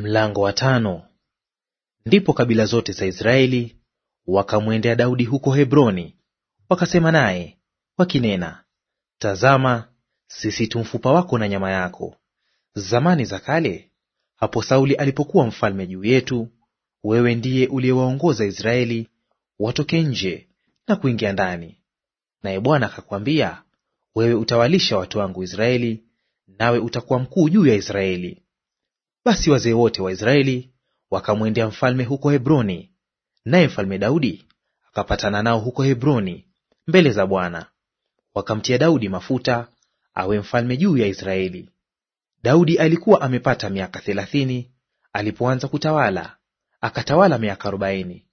Mlango wa tano. Ndipo kabila zote za Israeli wakamwendea Daudi huko Hebroni, wakasema naye wakinena, Tazama, sisi tu mfupa wako na nyama yako. Zamani za kale, hapo Sauli alipokuwa mfalme juu yetu, wewe ndiye uliyewaongoza Israeli watoke nje na kuingia ndani. Naye Bwana akakwambia, wewe utawalisha watu wangu Israeli, nawe utakuwa mkuu juu ya Israeli. Basi wazee wote wa Israeli wakamwendea mfalme huko Hebroni, naye mfalme Daudi akapatana nao huko Hebroni mbele za Bwana. Wakamtia Daudi mafuta awe mfalme juu ya Israeli. Daudi alikuwa amepata miaka thelathini alipoanza kutawala, akatawala miaka arobaini.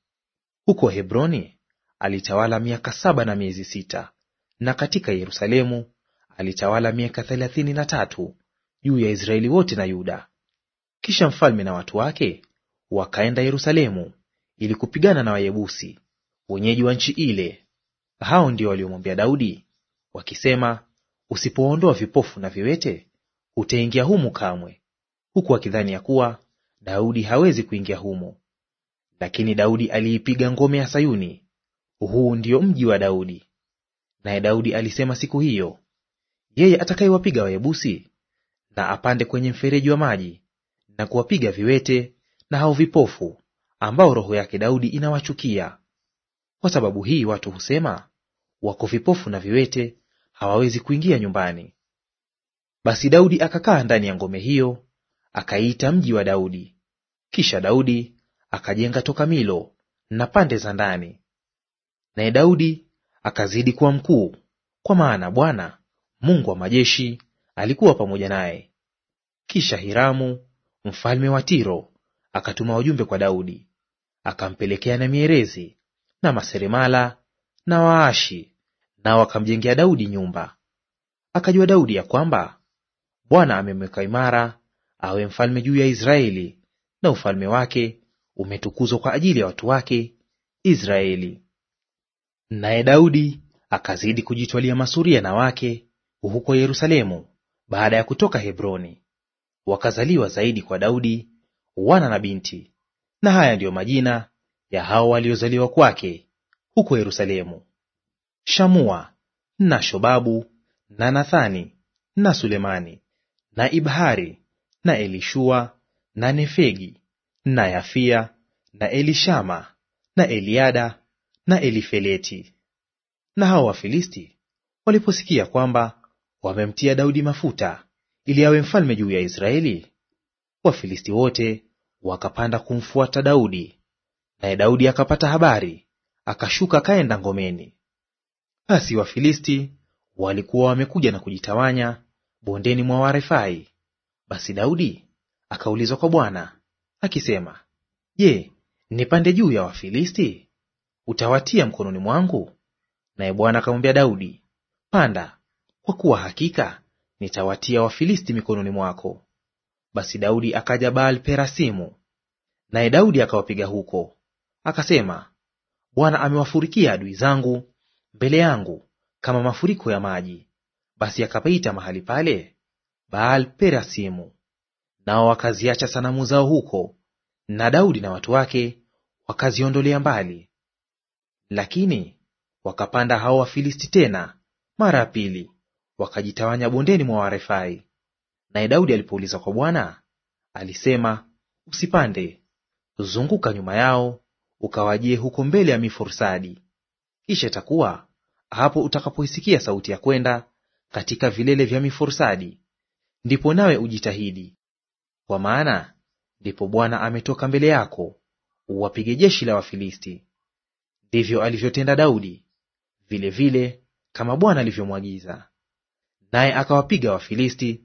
Huko Hebroni alitawala miaka saba na miezi sita, na katika Yerusalemu alitawala miaka thelathini na tatu juu ya Israeli wote na Yuda. Kisha mfalme na watu wake wakaenda Yerusalemu ili kupigana na Wayebusi, wenyeji wa nchi ile. Hao ndio waliomwambia Daudi wakisema, usipoondoa vipofu na viwete, hutaingia humu kamwe, huku akidhani ya kuwa Daudi hawezi kuingia humo. Lakini Daudi aliipiga ngome ya Sayuni, huu ndio mji wa Daudi. Naye Daudi alisema siku hiyo, yeye atakayewapiga Wayebusi na apande kwenye mfereji wa maji na kuwapiga viwete na hao vipofu ambao roho yake Daudi inawachukia. Kwa sababu hii watu husema, wako vipofu na viwete, hawawezi kuingia nyumbani. Basi Daudi akakaa ndani ya ngome hiyo, akaiita mji wa Daudi. Kisha Daudi akajenga toka Milo na pande za ndani. Naye Daudi akazidi kuwa mkuu, kwa maana Bwana Mungu wa majeshi alikuwa pamoja naye. Kisha Hiramu mfalme wa Tiro akatuma wajumbe kwa Daudi, akampelekea na mierezi na maseremala na waashi, nao akamjengea Daudi nyumba. Akajua Daudi ya kwamba Bwana amemweka imara awe mfalme juu ya Israeli, na ufalme wake umetukuzwa kwa ajili ya watu wake Israeli. Naye Daudi akazidi kujitwalia masuria na wake huko Yerusalemu baada ya kutoka Hebroni wakazaliwa zaidi kwa Daudi wana na binti. Na haya ndiyo majina ya hao waliozaliwa kwake huko Yerusalemu: Shamua na Shobabu na Nathani na Sulemani na Ibhari na Elishua na Nefegi na Yafia na Elishama na Eliada na Elifeleti. Na hao Wafilisti waliposikia kwamba wamemtia Daudi mafuta, ili awe mfalme juu ya Israeli? Wafilisti wote wakapanda kumfuata Daudi, naye Daudi akapata habari, akashuka akaenda ngomeni. Basi Wafilisti walikuwa wamekuja na kujitawanya bondeni mwa Warefai. Basi Daudi akaulizwa kwa Bwana akisema, Je, nipande juu ya Wafilisti? Utawatia mkononi mwangu? Naye Bwana akamwambia Daudi, Panda, kwa kuwa hakika nitawatia Wafilisti mikononi mwako. Basi Daudi akaja Baal Perasimu, naye Daudi akawapiga huko. Akasema, Bwana amewafurikia adui zangu mbele yangu kama mafuriko ya maji. Basi akapaita mahali pale Baal Perasimu, nao wakaziacha sanamu zao huko, na Daudi na watu wake wakaziondolea mbali. Lakini wakapanda hao Wafilisti tena mara ya pili, wakajitawanya bondeni mwa Warefai. Naye Daudi alipouliza kwa Bwana, alisema, usipande, zunguka nyuma yao ukawajie huko mbele ya miforsadi. Kisha itakuwa hapo utakapoisikia sauti ya kwenda katika vilele vya miforsadi, ndipo nawe ujitahidi, kwa maana ndipo Bwana ametoka mbele yako uwapige jeshi la Wafilisti. Ndivyo alivyotenda Daudi vilevile, kama Bwana alivyomwagiza naye akawapiga Wafilisti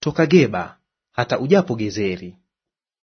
toka Geba hata ujapo Gezeri.